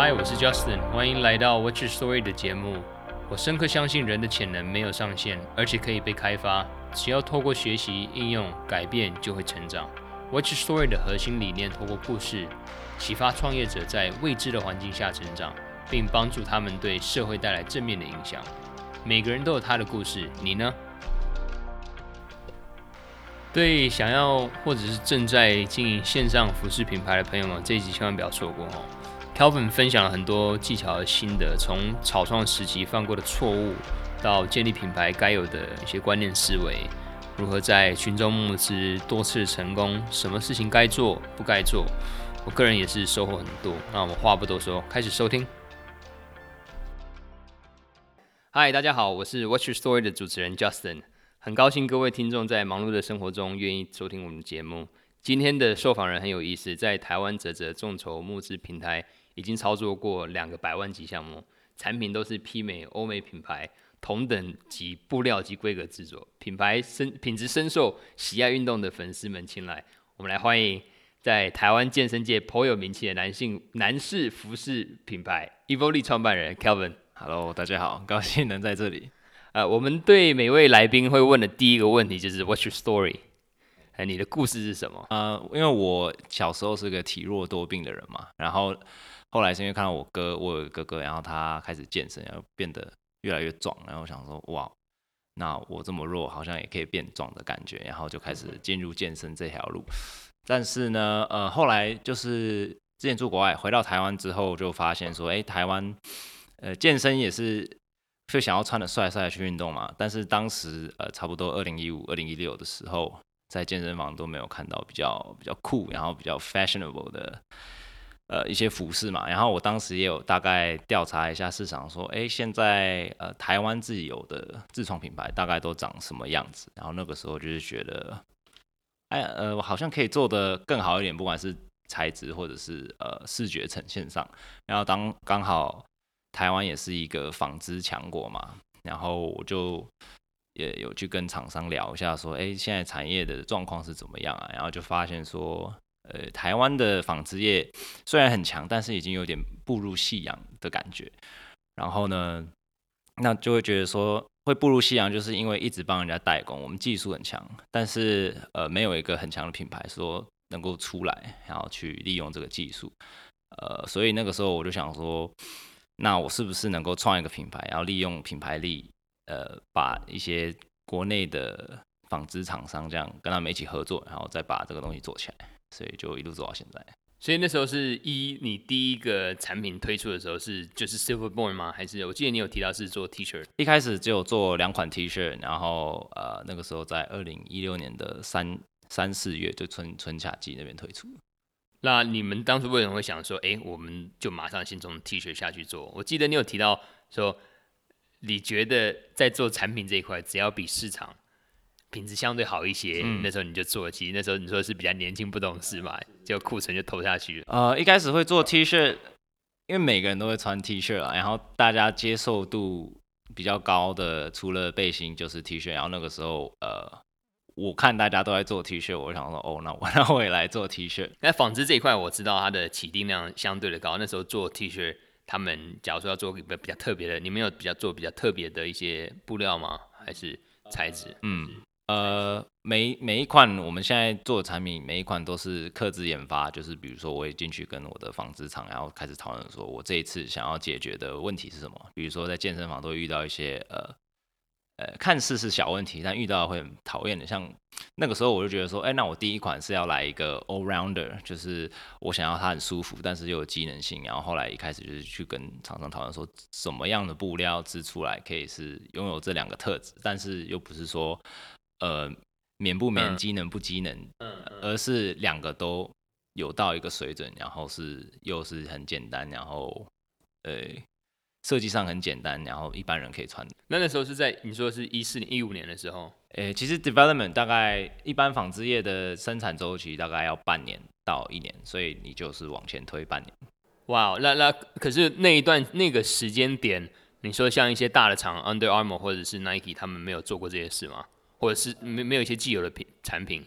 Hi，我是 Justin，歡迎來到 What's Your Story 的節目。我深刻相信人的潛能沒有上限，而且可以被開發。只要透過學習、應用、改變，就會成長。What's Your Story 的核心理念，透過故事啟發創業者在未知的環境下成長，並幫助他們對社會帶來正面的影響。每個人都有他的故事，你呢？對想要或者是正在經營線上服飾品牌的朋友們，這一集千萬不要錯過哦！條粉分享了很多技巧和心得，從草創時期犯過的錯誤，到建立品牌該有的一些觀念思維，如何在群眾募資多次成功，什麼事情該做不該做，我個人也是收穫很多。那我們話不多說，開始收聽。Hi，大家好，我是 What's Your Story 的主持人 Justin，很高興各位聽眾在忙碌的生活中願意收聽我們的節目。今天的受訪人很有意思，在台灣嘖嘖眾籌募資平台。已經操作過兩個百萬級項目，產品都是媲美歐美品牌同等級布料及規格制作，品牌深品質深受喜愛運動的粉絲們青睞。我們來歡迎在台灣健身界頗有名氣的男性男士服飾品牌 Evolete 創辦人 Kevin。Hello，大家好，很高興能在這裡。呃，我們對每位來賓會問的第一個問題就是 What's your story？哎、呃，你的故事是什麼？呃，因為我小時候是個體弱多病的人嘛，然後。後來是因為看到我哥，我有一個哥哥，然後他開始健身，然後變得越來越壯，然後我想說哇，那我這麼弱，好像也可以變壯的感覺，然後就開始進入健身這條路。但是呢，呃，後來就是之前住國外，回到台灣之後，就發現說，哎，台灣，呃，健身也是就想要穿得帥帥去運動嘛。但是當時呃，差不多二零一五、二零一六的時候，在健身房都沒有看到比較比較酷，然後比較 fashionable 的。呃，一些服飾嘛，然後我當時也有大概調查一下市場，說，哎，現在呃台灣自己有的自創品牌大概都長什麼樣子？然後那個時候就是覺得，哎，呃，我好像可以做得更好一點，不管是材質或者是呃視覺呈現上。然後當剛好台灣也是一個紡織強國嘛，然後我就也有去跟廠商聊一下，說，哎，現在產業的狀況是怎麼樣啊？然後就發現說，呃，台灣的紡織業雖然很強，但是已經有點步入夕陽的感覺。然後呢，那就會覺得說會步入夕陽，就是因為一直幫人家代工，我們技術很強，但是呃沒有一個很強的品牌說能夠出來，然後去利用這個技術。呃，所以那個時候我就想說，那我是不是能夠創一個品牌，然後利用品牌力，呃，把一些國內的紡織廠商這樣跟他們一起合作，然後再把這個東西做起來。所以就一路走到現在。所以那時候是一你第一個產品推出的時候是就是 Silverborn 嗎？還是我記得你有提到是做 T 恤，一開始只有做兩款 T 恤，shirt, 然後呃那個時候在二零一六年的三三四月就春春夏季那邊推出。那你們當初為什麼會想說，哎、欸，我們就馬上先從 T 恤下去做？我記得你有提到說，你覺得在做產品這一塊，只要比市場。品質相對好一些，嗯、那時候你就做。其實那時候你說是比較年輕不懂事嘛，就庫存就投下去了。呃，一開始會做 T 恤，因為每個人都會穿 T 恤啊。然後大家接受度比較高的，除了背心就是 T 恤。然後那個時候，呃，我看大家都在做 T 恤，我想說，哦，那我那我也來做 T 恤。那紡織這一塊，我知道它的起訂量相對的高。那時候做 T 恤，他們假如說要做比較特別的，你們有比較做比較特別的一些布料嗎？還是材質？嗯。嗯呃，每每一款我們現在做的產品，每一款都是客製研發。就是比如說，我也進去跟我的紡織廠，然後開始討論，說我這一次想要解決的問題是什麼？比如說，在健身房都會遇到一些呃呃，看似是小問題，但遇到會很討厭的。像那個時候，我就覺得說，哎、欸，那我第一款是要來一個 all-rounder，就是我想要它很舒服，但是又有機能性。然後後來一開始就是去跟廠商討論，說什麼樣的布料織出來可以是擁有這兩個特質，但是又不是說。呃，棉不棉，機能不機能，嗯嗯嗯、而是兩個都有到一個水準，然後是又是很簡單，然後呃，設計上很簡單，然後一般人可以穿。那那時候是在你說是一四年、一五年的時候，誒、呃，其實 development 大概一般紡織業的生產週期大概要半年到一年，所以你就是往前推半年。哇、wow，那那可是那一段那個時間點，你說像一些大的廠，Under Armour 或者是 Nike，他們沒有做過這些事嗎？或者是沒沒有一些既有的品產品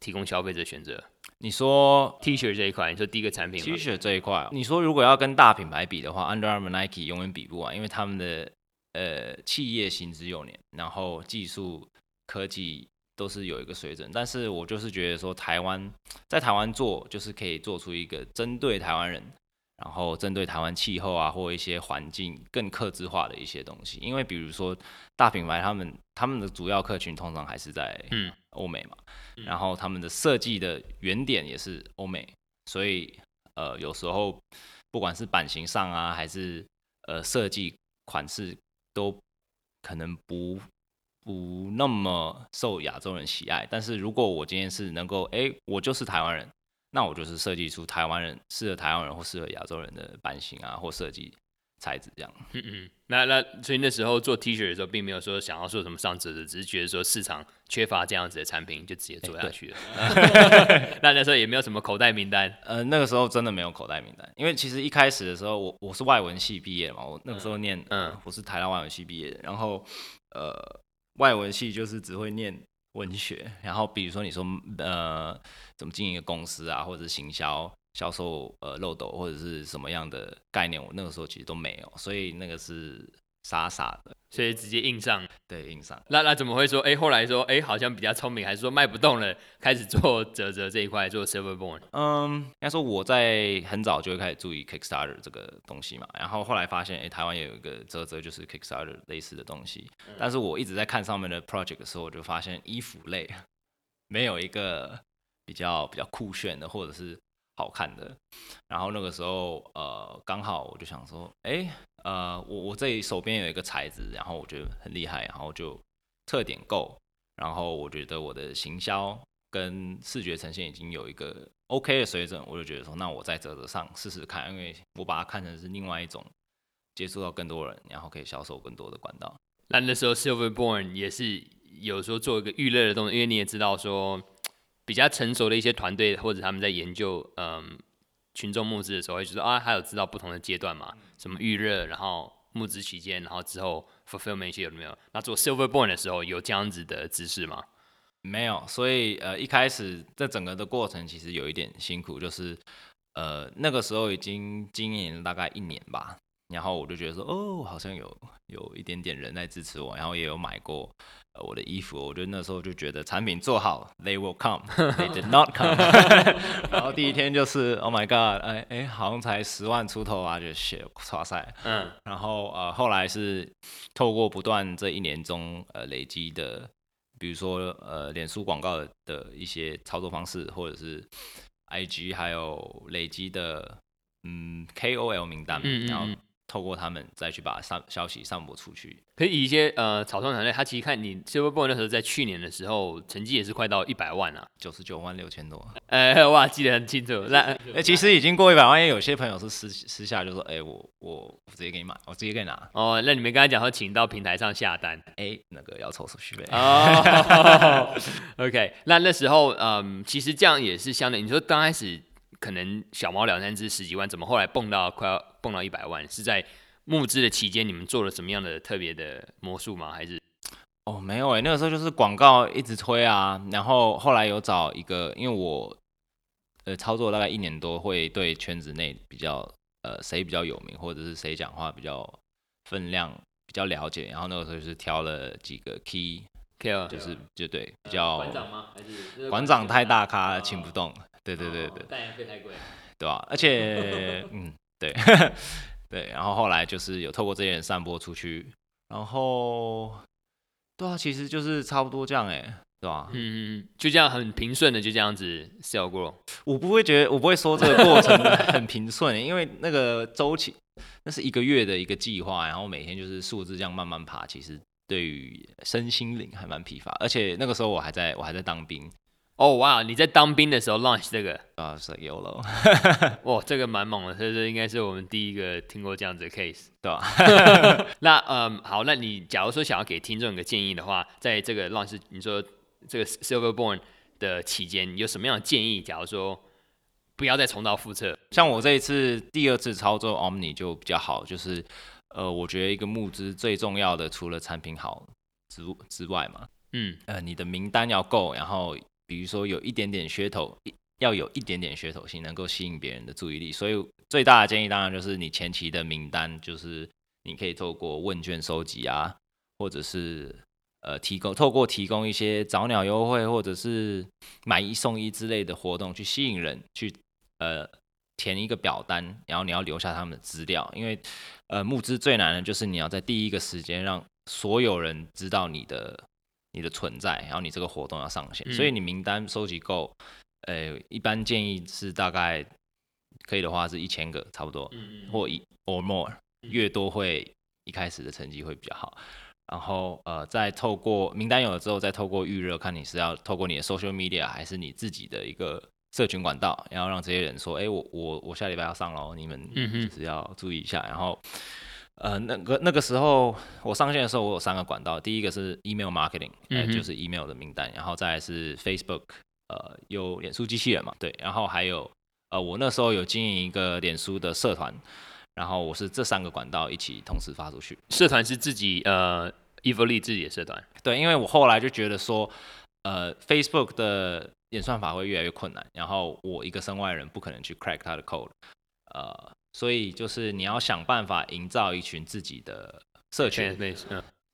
提供消費者選擇。你說 T 恤這一塊，你說第一個產品嗎。T 恤這一塊，你說如果要跟大品牌比的話，Under Armour、Nike 永遠比不完，因為他們的呃企業行之有年，然後技術科技都是有一個水準。但是我就是覺得說台，台灣在台灣做就是可以做出一個針對台灣人。然後針對台灣氣候啊，或一些環境更客製化的一些東西，因為比如說大品牌他們他們的主要客群通常還是在嗯歐美嘛，然後他們的設計的原點也是歐美，所以呃有時候不管是版型上啊，還是呃設計款式，都可能不不那麼受亞洲人喜愛。但是如果我今天是能夠欸，我就是台灣人。那我就是設計出台灣人適合台灣人或適合亞洲人的版型啊，或設計材質這樣。嗯嗯。那那所以那時候做 T 恤的時候，並沒有說想要做什麼上折的，只是覺得說市場缺乏這樣子的產品，就直接做下去了。那那時候也沒有什麼口袋名單。呃，那個時候真的沒有口袋名單，因為其實一開始的時候我，我我是外文系畢業嘛，我那個時候念，嗯，嗯我是台大外文系畢業的，然後呃，外文系就是只會念。文學，然後比如說你說呃怎麼經營一個公司啊，或者是行銷銷售呃漏斗或者是什麼樣的概念，我那個時候其實都沒有，所以那個是傻傻的。所以直接印上，對，印上。那那怎麼會說？哎，後來說，哎，好像比較聰明，還是說賣不動了，開始做嘖嘖這一塊，做 Silverborn。嗯，應該說我在很早就會開始注意 Kickstarter 這個東西嘛，然後後來發現，哎，台灣也有一個嘖嘖就是 Kickstarter 類似的東西。但是我一直在看上面的 project 的時候，我就發現衣服類沒有一個比較比較酷炫的，或者是好看的。然後那個時候，呃，剛好我就想說，哎。呃，我我這裡手邊有一個材質，然後我覺得很厲害，然後就特點夠，然後我覺得我的行銷跟視覺呈現已經有一個 OK 的水準，我就覺得說，那我再嘖嘖上試試看，因為我把它看成是另外一種接觸到更多人，然後可以銷售更多的管道。那那時候 Silverborn 也是有時候做一個預熱的動作，因為你也知道說比較成熟的一些團隊或者他們在研究，嗯。群眾募資的時候，會覺得啊，還有知道不同的階段嘛？什麼預熱，然後募資期間，然後之後 fulfillment 有沒有？那做 Silverborn 的時候有這樣子的知識嗎？沒有，所以呃一開始這整個的過程其實有一點辛苦，就是呃那個時候已經經營了大概一年吧。然後我就覺得說，哦，好像有有一點點人在支持我，然後也有買過我的衣服。我覺得那時候就覺得產品做好 ，they will come，they did not come。然後第一天就是 ，Oh my God，哎哎，好像才十萬出頭啊，就血刷塞。嗯。然後呃，後來是透過不斷這一年中呃累積的，比如說呃，臉書廣告的,的一些操作方式，或者是 IG 還有累積的嗯 KOL 名單，嗯嗯然後。透過他們再去把上消息上播出去，可以一些呃草創團隊，他其實看你新聞報那時候，在去年的時候成績也是快到一百萬啊，九十九萬六千多。哎、欸，我記得很清楚。6, 那哎、欸，其實已經過一百萬，因為有些朋友是私私下就說，哎、欸，我我，我直接給你買，我直接給你拿。哦，那你們剛才講說，請到平台上下單，哎、欸，那個要抽手續費。哦 ，OK，那那時候嗯，其實這樣也是相對，你說剛開始。可能小貓兩三只十幾萬，怎麼後來蹦到快要蹦到一百萬？是在募資的期間，你們做了什麼樣的特別的魔術嗎？還是哦，沒有哎、欸，那個時候就是廣告一直推啊，然後後來有找一個，因為我呃操作大概一年多，會對圈子內比較呃誰比較有名，或者是誰講話比較分量比較了解，然後那個時候就是挑了幾個 key，kill 就是對吧就對比較館、呃、長嗎？還是館、就是、長太大咖，請後不動。對對對對，對，哦，代言費太貴，對吧？啊？而且，嗯，對， 對，然後後來就是有透過這些人散播出去，然後，對啊，其實就是差不多這樣哎，欸，對吧？嗯嗯，就這樣很平順的就這樣子 sell 過。我不會覺得，我不會說這個過程很平順，欸， 因為那個周期，那是一個月的一個計劃，然後每天就是數字這樣慢慢爬，其實對於身心靈還蠻疲乏，而且那個時候我還在我還在當兵。哦，哇！Oh, wow, 你在當兵的時候 launch 這個啊，有了。哇，這個蠻猛的，所以這應該是我們第一個聽過這樣子的 case，對吧？ 那呃，um, 好，那你假如說想要給聽眾一個建議的話，在這個 launch，你說這個 silver born 的期間，你有什麼樣的建議？假如說不要再重蹈覆轍，像我這一次第二次操作 Omni 就比較好，就是呃，我覺得一個募資最重要的，除了產品好之之外嘛，嗯，呃，你的名單要夠，然後。比如說有一點點噱頭，要有一點點噱頭性，能夠吸引別人的注意力。所以最大的建議當然就是你前期的名單，就是你可以透過問卷收集啊，或者是呃提供透過提供一些早鳥優惠或者是買一送一之類的活動去吸引人去呃填一個表單，然後你要留下他們的資料，因為呃募資最難的就是你要在第一個時間讓所有人知道你的。你的存在，然後你這個活動要上線，嗯、所以你名單收集夠，呃，一般建議是大概可以的話是一千個差不多，嗯、或一 or more，嗯、越多會一開始的成績會比較好。然後呃，再透過名單有了之後，再透過預熱，看你是要透過你的 social media 還是你自己的一個社群管道，然後讓這些人說，哎、欸，我我我下禮拜要上咯，你們就是要注意一下，嗯、哼然後。呃，那個那個時候我上線的時候，我有三個管道。第一個是 email marketing，哎、嗯哼呃，就是 email 的名單，然後再是 Facebook，呃，有臉書機器人嘛，對，然後還有呃，我那時候有經營一個臉書的社團，然後我是這三個管道一起同時發出去。社團是自己呃，Evolete 自己的社團。對，因為我後來就覺得說，呃，Facebook 的演算法會越來越困難，然後我一個身外人不可能去 crack 它的 code，呃。所以就是你要想辦法營造一群自己的社群，對，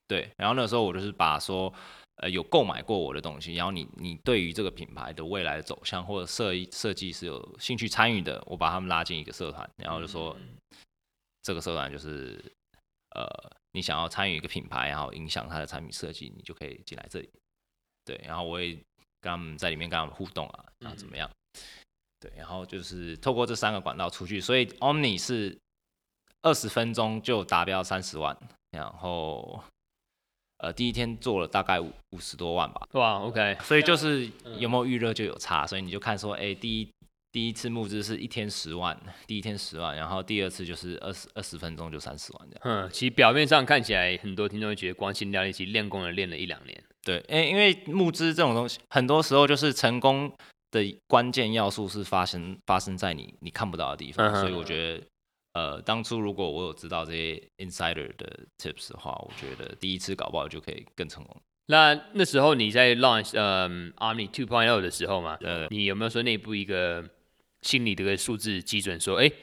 對。然後那時候我就是把說，呃，有購買過我的東西，然後你你對於這個品牌的未來的走向或者設設計是有興趣參與的，我把他們拉進一個社團，然後就說，這個社團就是，呃，你想要參與一個品牌，然後影響它的產品設計，你就可以進來這裡，對。然後我也跟他們在裡面跟他們互動啊，然後怎麼樣？對，然後就是透過這三個管道出去，所以 Omni 是二十分鐘就達標三十萬，然後呃第一天做了大概五五十多萬吧。哇，OK，所以就是有沒有預熱就有差，嗯、所以你就看說，哎，第一第一次募資是一天十萬，第一天十萬，然後第二次就是二十二十分鐘就三十萬這樣。嗯，其實表面上看起來，很多聽眾會覺得光鮮亮麗，其實練功能練了一兩年。對，哎，因因為募資這種東西，很多時候就是成功的關鍵要素是發生發生在你你看不到的地方，uh huh. 所以我覺得，呃，當初如果我有知道這些 insider 的 tips 的話，我覺得第一次搞不好就可以更成功。那那時候你在 launch w、呃、Omni 2.0的時候嘛，uh huh. 呃，你有沒有說內部一個心理的一個數字基準，說，哎、欸，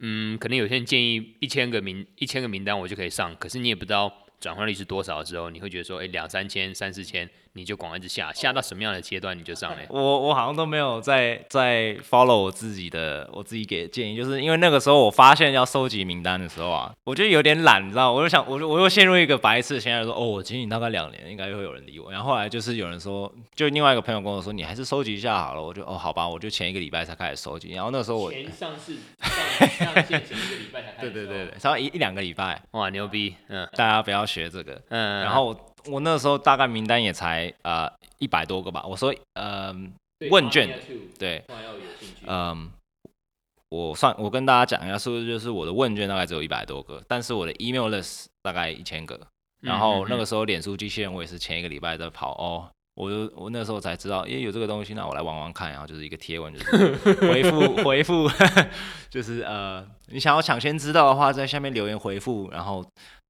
嗯，可能有些人建議一千個名一千個名單我就可以上，可是你也不知道轉換率是多少的時候，你會覺得說，哎、欸，兩三千、三四千。你就廣告一直下，下到什麼樣的階段你就上嘞。Oh. 我我好像都沒有在,在 follow 我自己的我自己給的建議，就是因為那個時候我發現要收集名單的時候啊，我就有點懶，你知道，我就想，我就我又陷入一個白痴。現在說，哦，我經營大概兩年，應該會有人理我。然後後來就是有人說，就另外一個朋友跟我說，你還是收集一下好了。我就哦好吧，我就前一個禮拜才開始收集。然後那個時候我前上市上, 上前一個禮拜才開始對,對對對對，差不多一一兩個禮拜，哇牛逼，嗯，大家不要學這個，嗯，然後我。我那時候大概名單也才啊一百多個吧。我說，嗯、呃，問卷，對，嗯、呃，我算，我跟大家講一下數字，就是我的問卷大概只有一百多個，但是我的 email list 大概一千個。然後那個時候，臉書機器人我也是前一個禮拜在跑、嗯、哼哼哦，我就我那時候才知道，哎、欸，有這個東西、啊，那我來玩玩看、啊。然後就是一個貼文，就是回復 回復，回 就是呃，你想要搶先知道的話，在下面留言回復，然後。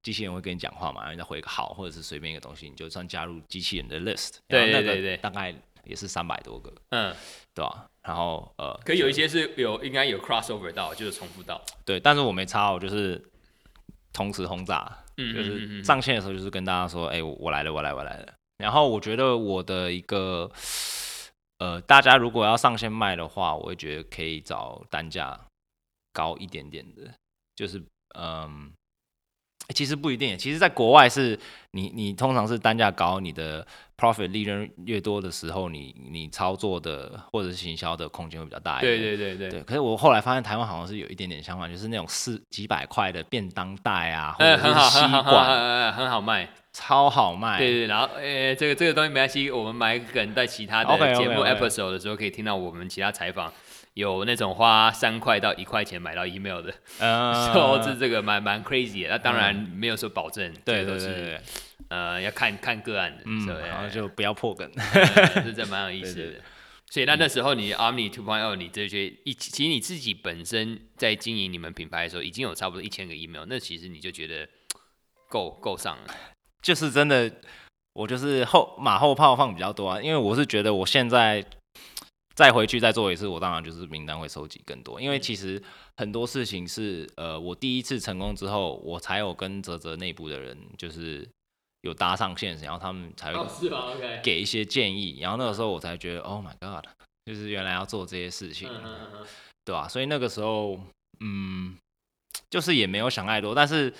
機器人會跟你講話嘛？然後你再回一個好，或者是隨便一個東西，你就算加入機器人的 list。對對對,對大概也是三百多個，嗯，對吧、啊？然後呃，可有一些是有就應該有 crossover 到，就是重複到。對，但是我沒差，就是同時轟炸，嗯嗯嗯嗯就是上線的時候就是跟大家說，哎、欸，我來了，我來了，我來了。然後我覺得我的一個呃，大家如果要上線賣的話，我會覺得可以找單價高一點點的，就是嗯。其實不一定，其實，在國外是你你通常是單價高，你的 profit 利潤越多的時候，你你操作的或者是行銷的空間會比較大一點。對對對對。對，可是我後來發現台灣好像是有一點點相反，就是那種四幾百塊的便當袋啊，或者是吸管，很好賣，超好賣。對對，然後，誒、呃，這個這個東西沒關係，我們買一個人在其他的節目 okay, okay, okay, episode 的時候 okay. 可以聽到我們其他採訪。有那種花三塊到一塊錢買到 email 的，說是這個蠻蠻 crazy 的。那當然沒有說保證，嗯、對對對，對是呃，要看看個案的，嗯，然後以就不要破梗，是這蠻有意思的。對對，所以那那時候你 Omni 2.0你這些，其實你自己本身在經營你們品牌的時候，已經有差不多一千個 email，那其實你就覺得夠夠上了。就是真的，我就是後馬後炮放比較多啊，因為我是覺得我現在。再回去再做一次，我當然就是名單會收集更多，因為其實很多事情是，呃，我第一次成功之後，我才有跟嘖嘖內部的人就是有搭上線，然後他們才會給，哦，是吧？Okay. 給一些建議，然後那個時候我才覺得，Oh my God，就是原來要做這些事情，嗯哼嗯哼。對啊，所以那個時候，嗯，就是也沒有想太多，但是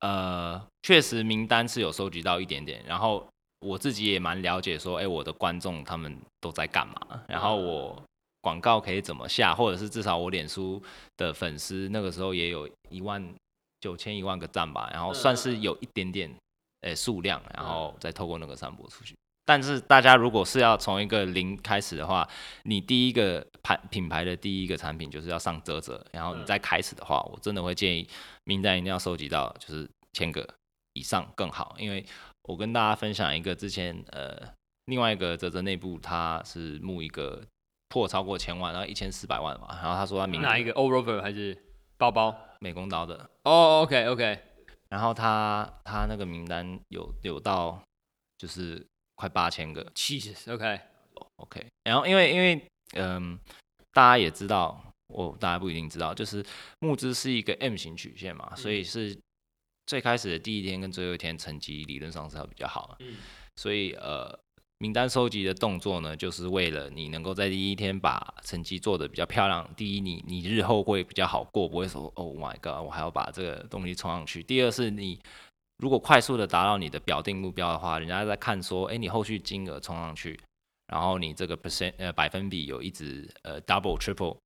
呃，確實名單是有收集到一點點，然後。我自己也蠻了解，說，哎、欸，我的觀眾他們都在幹嘛，然後我廣告可以怎麼下，或者是至少我臉書的粉絲那個時候也有一萬九千一萬個讚吧，然後算是有一點點，誒、欸，數量，然後再透過那個散播出去。但是大家如果是要從一個零開始的話，你第一個牌品牌的第一個產品就是要上嘖嘖，然後你再開始的話，我真的會建議名單一定要收集到就是千個以上更好，因為。我跟大家分享一個之前，呃，另外一個澤澤內部，他是募一個破超過千萬，然後一千四百萬嘛，然後他說他名拿一個 Old Rover 還是包包美工刀的哦、oh,，OK OK，然後他他那個名單有有到就是快八千個，Jesus OK OK，然後因為因為嗯、呃，大家也知道，我、哦、大家不一定知道，就是募資是一個 M 型曲線嘛，嗯、所以是。最開始的第一天跟最後一天成績理論上是要比較好，啊，所以呃，名單收集的動作呢，就是為了你能夠在第一天把成績做得比較漂亮。第一，你你日後會比較好過，不會說哦，oh，My God，我還要把這個東西衝上去。第二，是你如果快速的達到你的表定目標的話，人家在看說，哎，你後續金額衝上去，然後你這個 percent 呃，百分比有一直呃 double triple。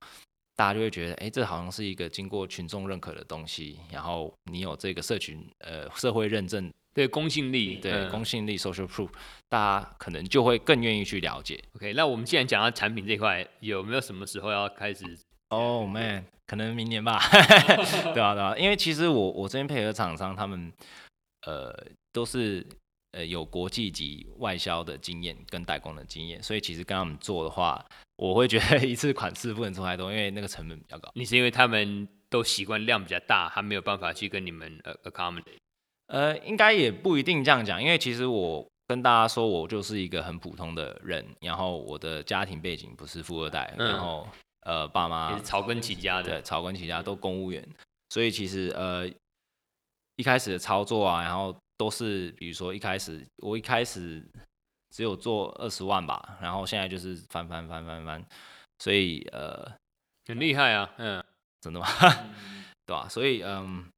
大家就會覺得，哎、欸，這好像是一個經過群眾認可的東西。然後你有這個社群，呃，社會認證，對公信力，對、嗯、公信力，social proof，大家可能就會更願意去了解。OK，那我們既然講到產品這一塊，有沒有什麼時候要開始？Oh man，、嗯、可能明年吧。對啊，對啊，因為其實我我這邊配合廠商，他們呃都是呃有國際級外銷的經驗跟代工的經驗，所以其實跟他們做的話。我會覺得一次款式不能衝太多，因為那個成本比較高。你是因為他們都習慣量比較大，他沒有辦法去跟你們呃 accommodate。呃，應該也不一定這樣講，因為其實我跟大家說，我就是一個很普通的人，然後我的家庭背景不是富二代，嗯、然後呃，爸媽也是草根起家的，對，草根起家都公務員，所以其實呃一開始的操作啊，然後都是比如說一開始我一開始。只有做二十萬吧，然後現在就是翻翻翻翻翻，所以呃，很厲害啊，嗯，真的嗎？嗯、 對吧、啊？所以嗯，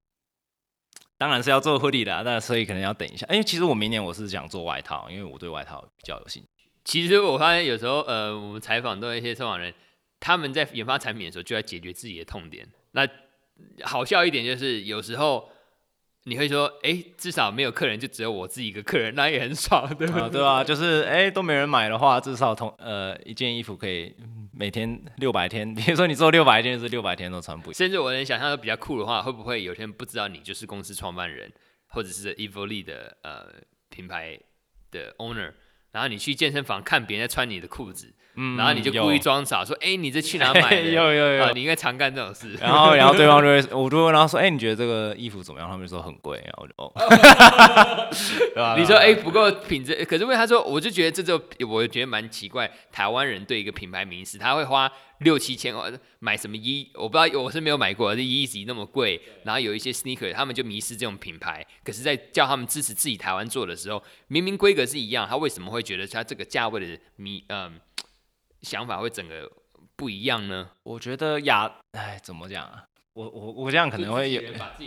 當然是要做護理的，那所以可能要等一下。為、欸、其實我明年我是想做外套，因為我對外套比較有興趣。其實我發現有時候，呃，我們採訪都一些受訪人，他們在研發產品的時候就要解決自己的痛點。那好笑一點就是有時候。你會說，哎，至少沒有客人，就只有我自己一個客人，那也很爽，對吧對？哦、對啊，就是，哎，都沒人買的話，至少同呃一件衣服可以每天六百天。比如說你做六百天，就是六百天都穿不。甚至我能想象，比較酷的話，會不會有一天不知道你就是公司創辦人，或者是 Evolete 的呃品牌的 owner，然後你去健身房看別人在穿你的褲子？嗯，然後你就故意裝傻有說：“哎、欸，你這去哪買的？ 有有有，呃、你應該常幹這種事。” 然後，然後對方就會我就問然他說：“哎、欸，你覺得這個衣服怎麼樣？”他們說很貴：“很貴。”哦， 啊、你說：“哎、欸，不過品質……可是問他說，我就覺得這就我覺得蠻奇怪。台灣人對一個品牌迷思，他會花六七千塊買什麼衣、e,？我不知道，我是沒有買過，是 Eazy 那麼貴。然後有一些 sneaker，他們就迷失這種品牌。可是，在叫他們支持自己台灣做的時候，明明規格是一樣，他為什麼會覺得他這個價位的迷？嗯。想法會整個不一樣呢。我覺得亞，哎，怎麼講啊？我我我這樣可能會有，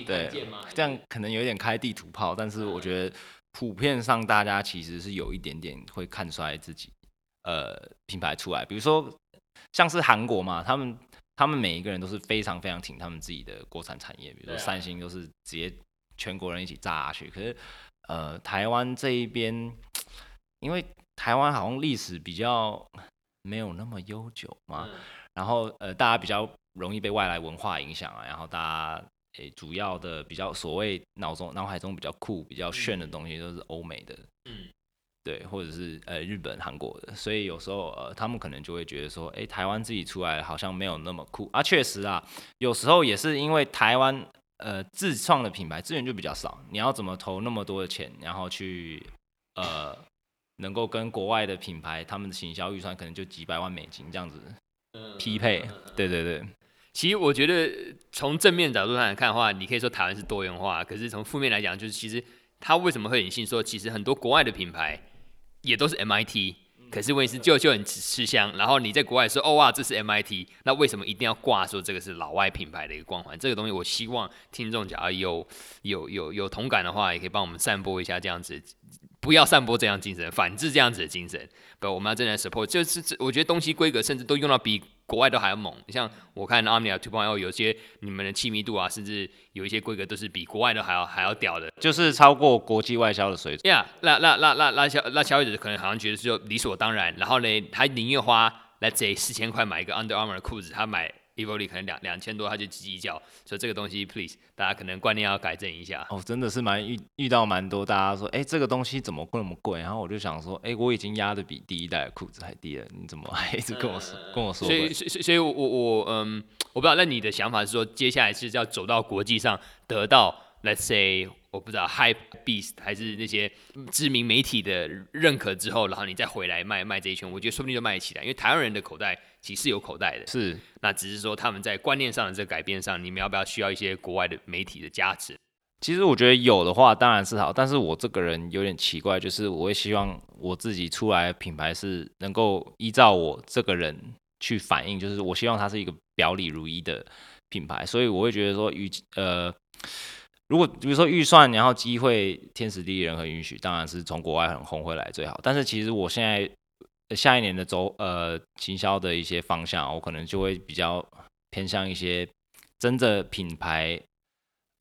對，這樣可能有點開地圖炮。但是我覺得普遍上，大家其實是有一點點會看衰自己呃品牌出來。比如說像是韓國嘛，他們他們每一個人都是非常非常挺他們自己的國產產業。比如說三星都是直接全國人一起炸下去。可是呃，台灣這一邊，因為台灣好像歷史比較。沒有那麼悠久嗎？嗯、然後呃，大家比較容易被外來文化影響啊。然後大家誒，主要的比較所謂腦中腦海中比較酷，比較炫的東西都是歐美的，嗯，對，或者是呃日本、韓國的。所以有時候呃，他們可能就會覺得說，誒，台灣自己出來好像沒有那麼酷啊。確實啊，有時候也是因為台灣呃自創的品牌資源就比較少，你要怎麼投那麼多的錢，然後去呃。 能夠跟國外的品牌，他們的行銷預算可能就幾百萬美金這樣子、呃、匹配。對對對，其實我覺得從正面角度上來看的話，你可以說台灣是多元化，可是從負面來講，就是其實他為什麼會隱性說，其實很多國外的品牌也都是 MIT、嗯、可是問題是就就很吃香。對然後你在國外說哦，哇，這是 MIT，那為什麼一定要掛說這個是老外品牌的一個光環？這個東西，我希望聽眾假如有有有有，有同感的話，也可以幫我們散播一下這樣子。不要散播這樣精神，反制這樣子的精神。不，我們要正在 support，就是我覺得東西規格甚至都用到比國外都還要猛。你像我看阿米亞 Two Point O, 有些你們的氣密度啊，甚至有一些規格都是比國外都還要還要屌的，就是超過國際外銷的水準。呀、yeah，那那那那那消那消費者可能好像覺得是就理所當然，然後呢，他寧願花 Let's say 四千塊買一個 Under Armour 的褲子，他買。Evolete 可能兩兩千多，他就嘰嘰叫，所以這個東西 please 大家可能觀念要改正一下。哦，真的是蠻遇遇到蠻多，大家說，哎、欸，這個東西怎麼貴那麼貴？然後我就想說，哎、欸，我已經壓得比第一代的褲子還低了，你怎麼還一直跟我說、嗯、跟我說所？所以所以我我我嗯，我不知道，那你的想法是說，接下來是要走到國際上，得到 let's say。我不知道 Hypebeast 還是那些知名媒體的認可之後，然後你再回來賣賣這一圈，我覺得說不定就賣得起來，因為台灣人的口袋其實是有口袋的，是那只是說他們在觀念上的這個改變上，你們要不要需要一些國外的媒體的加持？其實我覺得有的話當然是好，但是我這個人有點奇怪，就是我會希望我自己出來的品牌是能夠依照我這個人去反映，就是我希望它是一個表裡如一的品牌，所以我會覺得說與呃。如果比如說預算，然後機會天時地利人和允許，當然是從國外很紅回來最好。但是其實我現在下一年的走呃行銷的一些方向，我可能就會比較偏向一些真的品牌，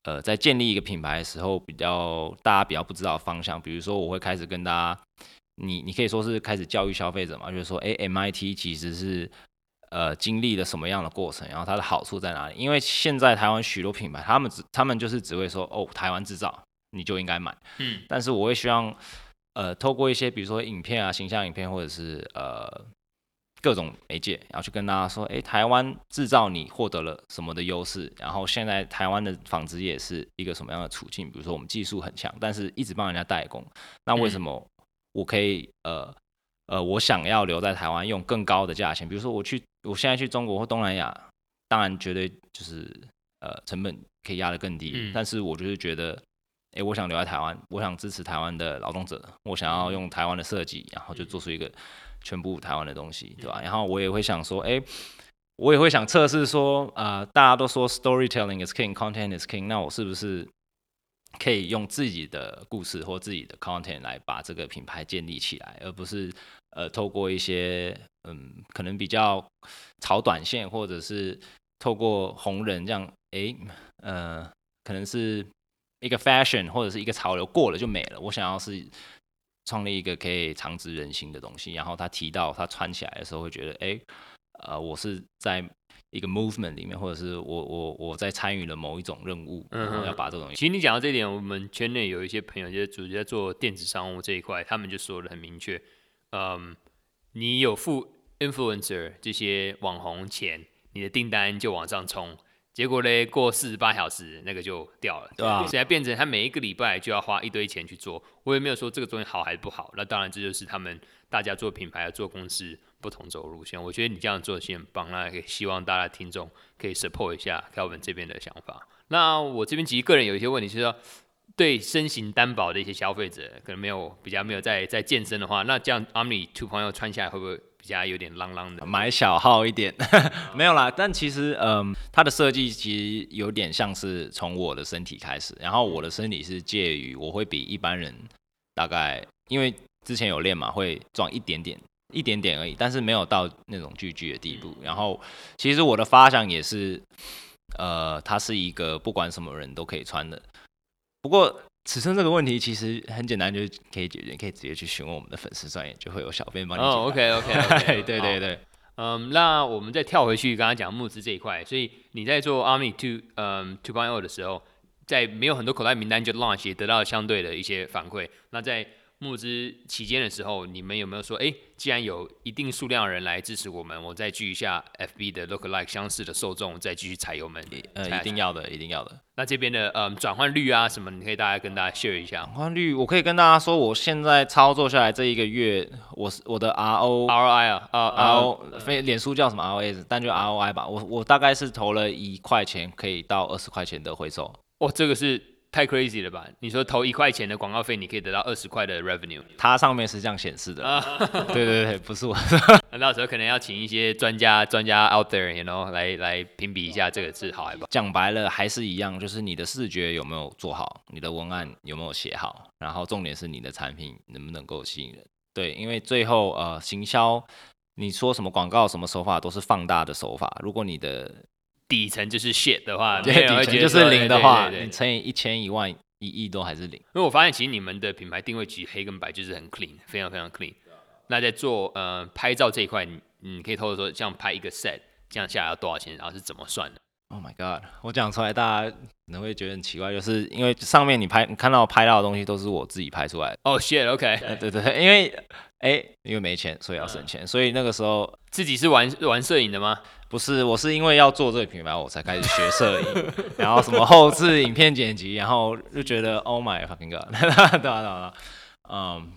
呃，在建立一個品牌的時候比較大家比較不知道的方向。比如說我會開始跟大家，你你可以說是開始教育消費者嘛，就是說哎，M I T 其實是。呃，經歷了什麼樣的過程？然後它的好處在哪裡？因為現在台灣許多品牌，他們只他們就是只會說哦，台灣製造，你就應該買。嗯。但是我會希望，呃，透過一些比如說影片啊、形象影片，或者是呃各種媒介，然後去跟大家說，哎，台灣製造你獲得了什麼的優勢？然後現在台灣的紡織業是一個什麼樣的處境？比如說我們技術很強，但是一直幫人家代工，那為什麼我可以、嗯、呃？呃，我想要留在台灣，用更高的價錢，比如說我去，我現在去中國或東南亞，當然絕對就是呃成本可以壓得更低，嗯、但是我就是覺得，哎、欸，我想留在台灣，我想支持台灣的勞動者，我想要用台灣的設計，然後就做出一個全部台灣的東西，嗯、對吧、啊？然後我也會想說，哎、欸，我也會想測試說，啊、呃，大家都說 storytelling is king，content is king，那我是不是？可以用自己的故事或自己的 content 來把這個品牌建立起來，而不是呃透過一些嗯可能比較炒短線，或者是透過紅人這樣，誒，呃，可能是一個 fashion 或者是一個潮流過了就沒了。我想要是創立一個可以長植人心的東西，然後他提到他穿起來的時候會覺得，誒，呃，我是在。一個 movement 裡面，或者是我我我在參與了某一種任務，嗯、哼然後要把這個東西。其實你講到這點，我們圈內有一些朋友，就是主要做電子商務這一塊，他們就說得很明確，嗯，你有付 influencer 這些網紅錢，你的訂單就往上衝。結果嘞，過四十八小時那個就掉了。對啊，現在變成他每一個禮拜就要花一堆錢去做。我也沒有說這個東西好還是不好，那當然這就是他們大家做品牌、做公司不同走路線。我覺得你這樣做其實很棒，那個希望大家聽眾可以 support 一下，看我們這邊的想法。那我這邊其實個人有一些問題，就是說對身形單薄的一些消費者，可能沒有比較沒有在在健身的話，那這樣阿米 Two 朋友穿起來會不會？家有點浪浪的，買小號一點，嗯啊、 沒有啦。但其實，嗯、呃，它的設計其實有點像是從我的身體開始，然後我的身體是介於我會比一般人大概，因為之前有練嘛，會壯一點點，一點點而已，但是沒有到那種巨巨的地步。嗯、然後，其實我的發想也是，呃，它是一個不管什麼人都可以穿的，不過。尺寸這個問題其實很簡單，就可以解決，你可以直接去詢問我們的粉絲專頁，就會有小編幫你做、oh, OK OK OK，okay. 對對對好，嗯，um, 那我們再跳回去剛剛講募資這一塊，所以你在做 Army to 嗯 Two Point O、um, 的時候，在沒有很多口袋名單就 launch 得到相對的一些反饋，那在募資期間的時候，你們有沒有說，哎，既然有一定數量人來支持我們，我再聚一下 FB 的 lookalike 相似的受眾，再繼續踩油門？呃，一定要的，一定要的。那這邊的嗯轉換率啊什麼，你可以大家跟大家 share 一下。轉換率，我可以跟大家說，我現在操作下來這一個月，我我的 ROI 啊，啊 ROI 非，臉書叫什麼 R O s 但就 ROI 吧。我我大概是投了一塊錢，可以到二十塊錢的回收。哦，這個是。太 crazy 了吧？你說投一塊錢的廣告費，你可以得到二十塊的 revenue，它上面是這樣顯示的。啊、哈哈哈哈對對對，不是我。 那到時候可能要請一些專家，專家 out there，you know，來來評比一下這個字好。講白了，還是一樣，就是你的視覺有沒有做好，你的文案有沒有寫好，然後重點是你的產品能不能夠吸引人。對，因為最後呃，行銷你說什麼廣告什麼手法都是放大的手法，如果你的底層就是 shit 的話，就是零的話，你乘以一千、一萬、一億都還是零。因為我發現其實你們的品牌定位其實黑跟白就是很 clean，非常非常 clean。那在做呃拍照這一塊，你你可以透露說，像拍一個 set，這樣下來要多少錢，然後是怎麼算的？Oh my god，我講出來大家可能會覺得很奇怪，就是因為上面你拍你看到拍到的東西都是我自己拍出來的。Oh shit，OK，okay。對對對，因為。誒因為沒錢，所以要省錢。嗯、所以那個時候自己是玩玩攝影的嗎？不是，我是因為要做這個品牌，我才開始學攝影， 然後什麼後置影片剪輯， 然後就覺得 Oh my fucking god，對啊對啊嗯，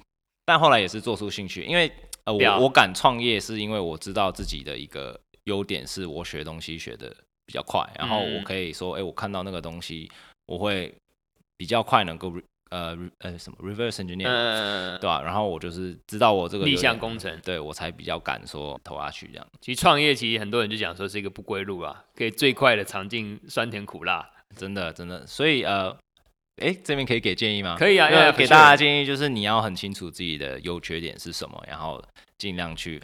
但後來也是做出興趣。因為要我我敢創業，是因為我知道自己的一個優點，是我學東西學得比較快，然後我可以說，哎、嗯，我看到那個東西，我會比較快能夠。呃呃，什麼 reverse engineer，嗯對吧、啊？然後我就是知道我這個逆向工程，對我才比較敢說投下去這樣。其實創業其實很多人就講說是一個不歸路啊，可以最快的嘗盡酸甜苦辣，真的真的。所以呃，哎、欸，這邊可以給建議嗎？可以啊，因為那、哎、呀給大家建議就是你要很清楚自己的優缺點是什麼，然後盡量去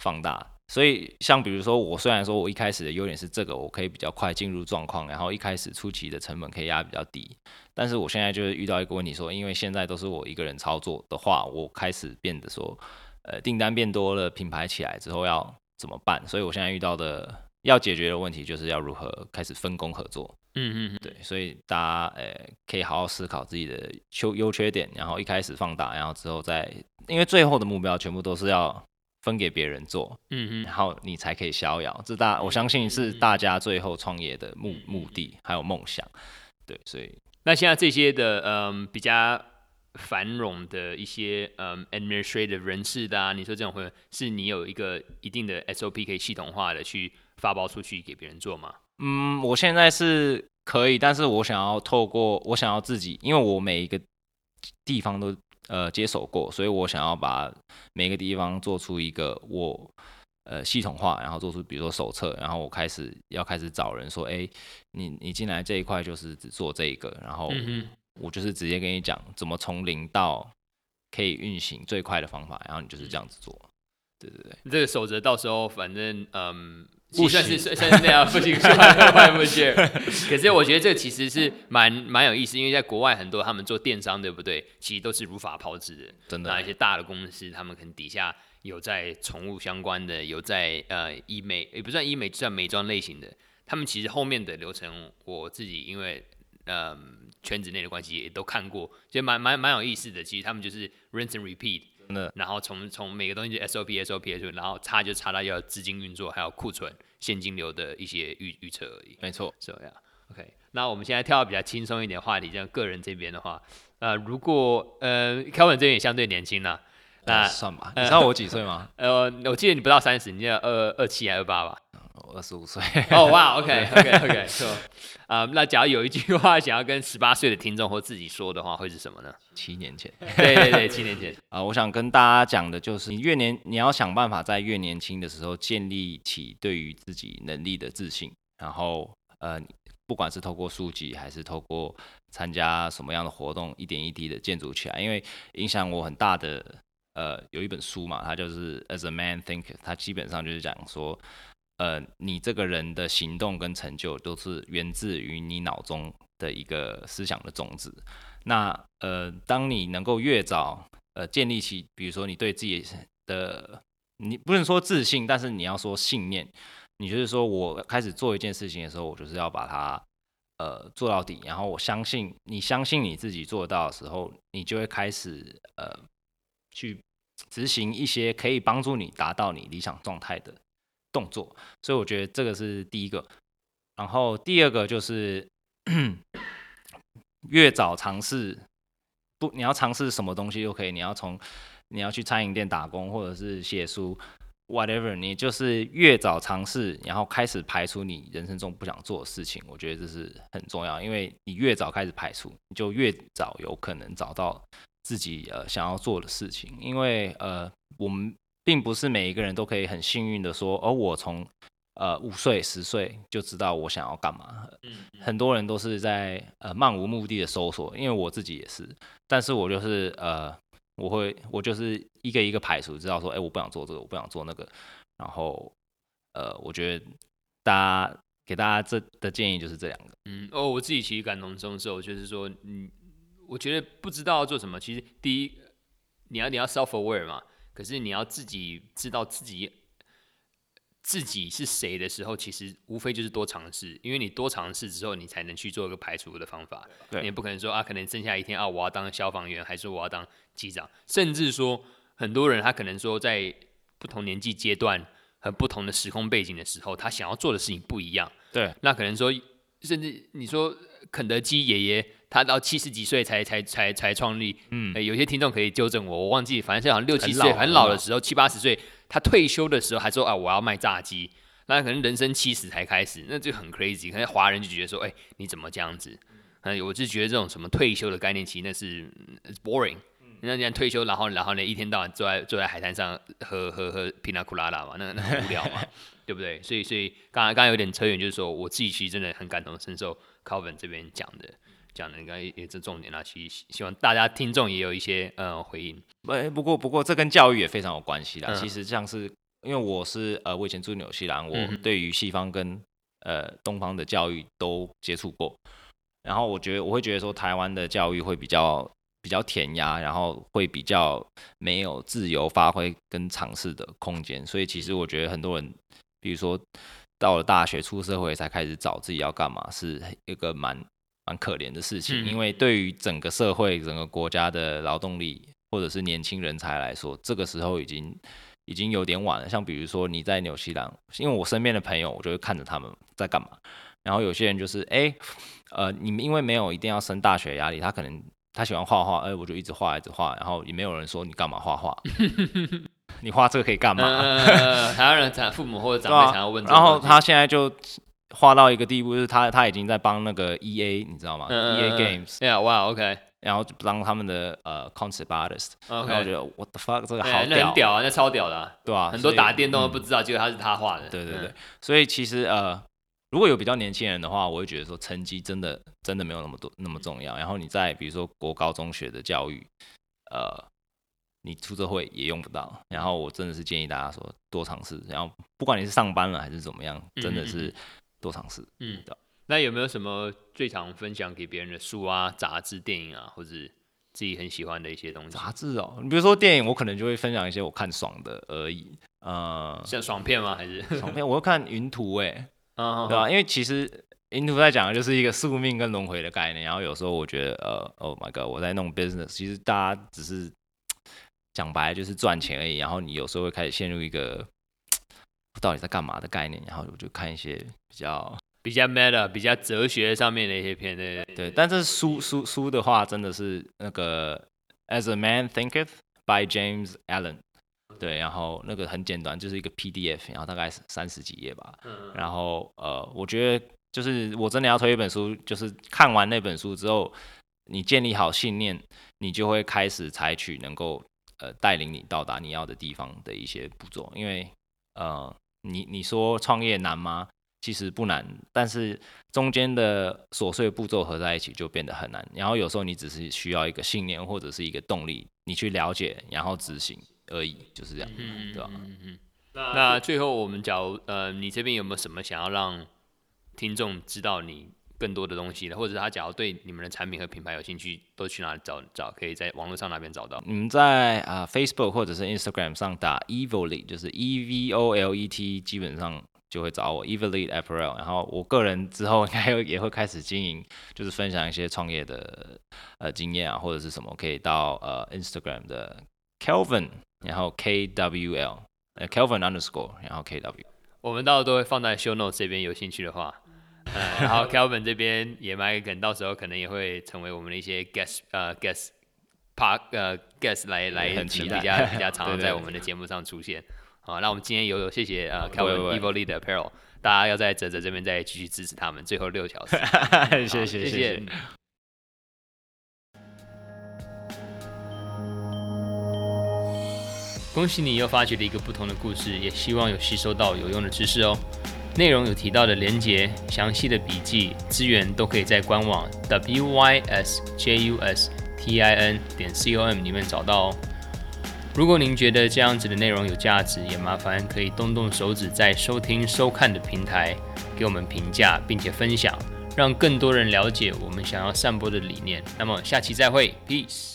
放大。所以，像比如說，我雖然說我一開始的優點是這個，我可以比較快進入狀況，然後一開始初期的成本可以壓比較低，但是我現在就是遇到一個問題說，說因為現在都是我一個人操作的話，我開始變得說，呃，訂單變多了，品牌起來之後要怎麼辦？所以我現在遇到的要解決的問題就是要如何開始分工合作。嗯嗯，對，所以大家呃，可以好好思考自己的優優缺點，然後一開始放大，然後之後再，因為最後的目標全部都是要。分給別人做，嗯嗯哼，然後你才可以逍遙。這大、嗯、我相信是大家最後創業的目、嗯、目的，還有夢想，對。所以那現在這些的嗯、um, 比較繁榮的一些嗯、um, administrative 人士的啊，你說，這種會是你有一個一定的 SOP 可以系統化的去發包出去給別人做嗎？嗯，我現在是可以，但是我想要透過我想要自己，因為我每一個地方都。呃，接手過，所以我想要把每個地方做出一個我呃系統化，然後做出比如說手冊，然後我開始要開始找人說，哎，你你進來這一塊就是只做這個，然後我就是直接跟你講怎麼從零到可以運行最快的方法，然後你就是這樣子做。對對對，這個守則到時候反正嗯。不算是算試算是那樣， 不精確，完不，不，不，不 可是我覺得這其實是蠻蠻有意思，因為在國外很多他們做電商，對不對？其實都是如法炮製的，真的。那一些大的公司，他們可能底下有在寵物相關的，有在呃醫美，也、e、不算醫、e、美，mail, 算美妝類型的。他們其實後面的流程，我自己因為嗯、呃、圈子內的關係也都看過，覺得蠻蠻蠻有意思的。其實他們就是 rinse and repeat。嗯嗯、然後從從每個東西就 SOP SOP SOP，然後差就差到要資金運作，還有庫存現金流的一些預預測而已。沒錯，是這樣、啊、OK。那我們現在跳到比較輕鬆一點的話題，像個人這邊的話，呃，如果呃，Kevin 這邊也相對年輕了，嗯、那算吧。呃、你知道我幾歲嗎？呃，我記得你不到三十，你二二七還是二八吧？二十五歲哦，哇，OK，OK，OK，說啊。那假如有一句話想要跟十八歲的聽眾或自己說的話，會是什麼呢？七年前，對對對，七年前啊、 呃，我想跟大家講的就是，你越年，你要想辦法在越年輕的時候建立起對於自己能力的自信，然後呃，不管是透過書籍，還是透過參加什麼樣的活動，一點一滴的建築起來。因為影響我很大的呃，有一本書嘛，它就是《As a Man Thinker》它基本上就是講說。呃，你這個人的行動跟成就都是源自於你腦中的一個思想的種子。那呃，當你能夠越早呃建立起，比如說你對自己的，你不能說自信，但是你要說信念。你就是說我開始做一件事情的時候，我就是要把它呃做到底。然後我相信，你相信你自己做到的時候，你就會開始呃去執行一些可以幫助你達到你理想狀態的。動作，所以我覺得這個是第一個。然後第二個就是越早嘗試，不，你要嘗試什麼東西都可以。你要從你要去餐飲店打工，或者是寫書，whatever，你就是越早嘗試，然後開始排除你人生中不想做的事情。我覺得這是很重要，因為你越早開始排除，你就越早有可能找到自己呃想要做的事情。因為呃我們。並不是每一個人都可以很幸運的說，而、呃、我從呃五歲十歲就知道我想要幹嘛。嗯嗯，很多人都是在呃漫無目的的搜索，因為我自己也是，但是我就是呃我會我就是一個一個排除，知道說，哎、欸，我不想做這個，我不想做那個，然後呃我覺得大家給大家這的建議就是這兩個。嗯，哦，我自己其實感同身受，就是說，嗯，我覺得不知道做什麼，其實第一你要你要 self-aware 嘛。可是你要自己知道自己自己是誰的時候，其實無非就是多嘗試，因為你多嘗試之後，你才能去做一個排除的方法。對，你也不可能說啊，可能剩下一天啊，我要當消防員，還是我要當機長，甚至說很多人他可能說在不同年紀階段和不同的時空背景的時候，他想要做的事情不一樣。對，那可能說甚至你說肯德基爺爺。他到七十幾歲才才才才創立，嗯、欸，有些聽眾可以糾正我，我忘記，反正好像六七十歲很老，老的時候，七八十歲，他退休的時候還說啊，我要賣炸雞，那可能人生七十才開始，那就很 crazy。可能華人就覺得說，哎、欸，你怎麼這樣子？嗯、啊，我就覺得這種什麼退休的概念期，其實那是 it's boring，S、嗯、那你樣退休，然後然後呢，一天到晚坐在坐在海灘上喝喝喝皮納庫拉拉嘛，那那很無聊嘛， 對不對？所以所以剛剛剛有點扯遠，就是說，我自己其實真的很感同身受，Calvin 這邊講的。講的應該也是重點啦、啊，希希望大家聽眾也有一些呃回應。不不過不過這跟教育也非常有關係啦。嗯、其實像是因為我是呃我以前住紐西蘭，我對於西方跟呃東方的教育都接觸過。然後我覺得我會覺得說，台灣的教育會比較比較填鴨，然後會比較沒有自由發揮跟嘗試的空間。所以其實我覺得很多人，比如說到了大學出社會才開始找自己要幹嘛，是一個蠻。蠻可憐的事情，嗯、因為對於整個社會、整個國家的勞動力或者是年輕人才來說，這個時候已經已經有點晚了。像比如說你在紐西蘭，因為我身邊的朋友，我就會看着他們在幹嘛。然後有些人就是，哎、欸，呃，你們因為沒有一定要升大學的壓力，他可能他喜歡畫畫，哎、欸，我就一直畫一直畫，然後也沒有人說你幹嘛畫畫， 你畫這個可以幹嘛？ 呃、台灣人父母或者長輩想要問、啊，然後他現在就。畫到一個地步，就是他他已經在幫那個 EA，你知道嗎、嗯、？EA Games，Yeah，Wow，OK，、嗯嗯嗯 okay. 然後幫他們的呃 Concept Artist，OK，Okay. 我覺得 What the fuck，這個好屌、欸、很屌啊，那超屌的、啊，對啊。以很多打電動都不知道、嗯，結果他是他畫的，對，對對對。嗯、所以其實呃，如果有比較年輕人的話，我會覺得說成績真的真的沒有那麼多那麼重要。然後你在比如說國高中學的教育，呃，你出社會也用不到。然後我真的是建議大家說多嘗試。然後不管你是上班了還是怎麼樣，真的是。嗯多嘗試，嗯，那有沒有什麼最常分享給別人的書啊、雜誌、電影啊，或者自己很喜歡的一些東西？雜誌哦，你比如說電影，我可能就會分享一些我看爽的而已，呃，像爽片嗎？還是爽片？我會看《雲圖》哎，啊，對啊？因為其實《雲圖》在講的就是一個宿命跟輪迴的概念。然後有時候我覺得，呃，Oh my God，我在弄 business，其實大家只是講白了就是賺錢而已。然後你有時候會開始陷入一個。到底在幹嘛的概念，然後我就看一些比較比較 meta 比較哲學上面的一些片類。對，對，對，對，但是書書書的話，真的是那個《As a Man Thinketh》by James Allen。嗯。對，然後那個很簡單，就是一個 PDF，然後大概是三十幾頁吧。嗯。然後呃，我覺得就是我真的要推一本書，就是看完那本書之後，你建立好信念，你就會開始採取能夠呃帶領你到達你要的地方的一些步驟，因為呃。你你說創業難嗎？其實不難，但是中間的瑣碎步驟合在一起就變得很難。然後有時候你只是需要一個信念或者是一個動力，你去了解然後執行而已，就是這樣，嗯、對吧、嗯？那最後我們假如呃，你這邊有沒有什麼想要讓聽眾知道你更多的東西或者是他假如對你們的產品和品牌有興趣，都去哪裡找找？可以在網絡上那邊找到。你們在啊、呃、Facebook 或者是 Instagram 上打 Evolete，就是 E V O L E T，基本上就會找我 Evolete Apparel。然後我個人之後應該也會開始經營，就是分享一些創業的呃經驗啊，或者是什麼，可以到呃 Instagram 的 Kelvin，然後 K W L，呃 Kelvin underscore，然後 K W，L，我們到時候都會放在 Show Notes 這邊，有興趣的話。然後 Kelvin 這邊也蠻可能到時候可能也會成為我們的一些 guest，呃 guest part 呃，guest 來來，去對，大家大家常常在我們的節目上出現。對對對，好，那我們今天有有謝謝啊 Kelvin，Evolete Apparel，大家要在嘖嘖這邊再繼續支持他們，最後六小時 好 謝謝謝謝，謝，謝。 恭喜你又發掘了一個不同的故事，也希望有吸收到有用的知識哦。內容有提到的連接、詳細的筆記、資源都可以在官網 wysjustin 點 com 裡面找到哦。如果您覺得這樣子的內容有價值，也麻煩可以動動手指在收聽收看的平台給我們評價，並且分享，讓更多人了解我們想要散播的理念。那麼下期再會，peace。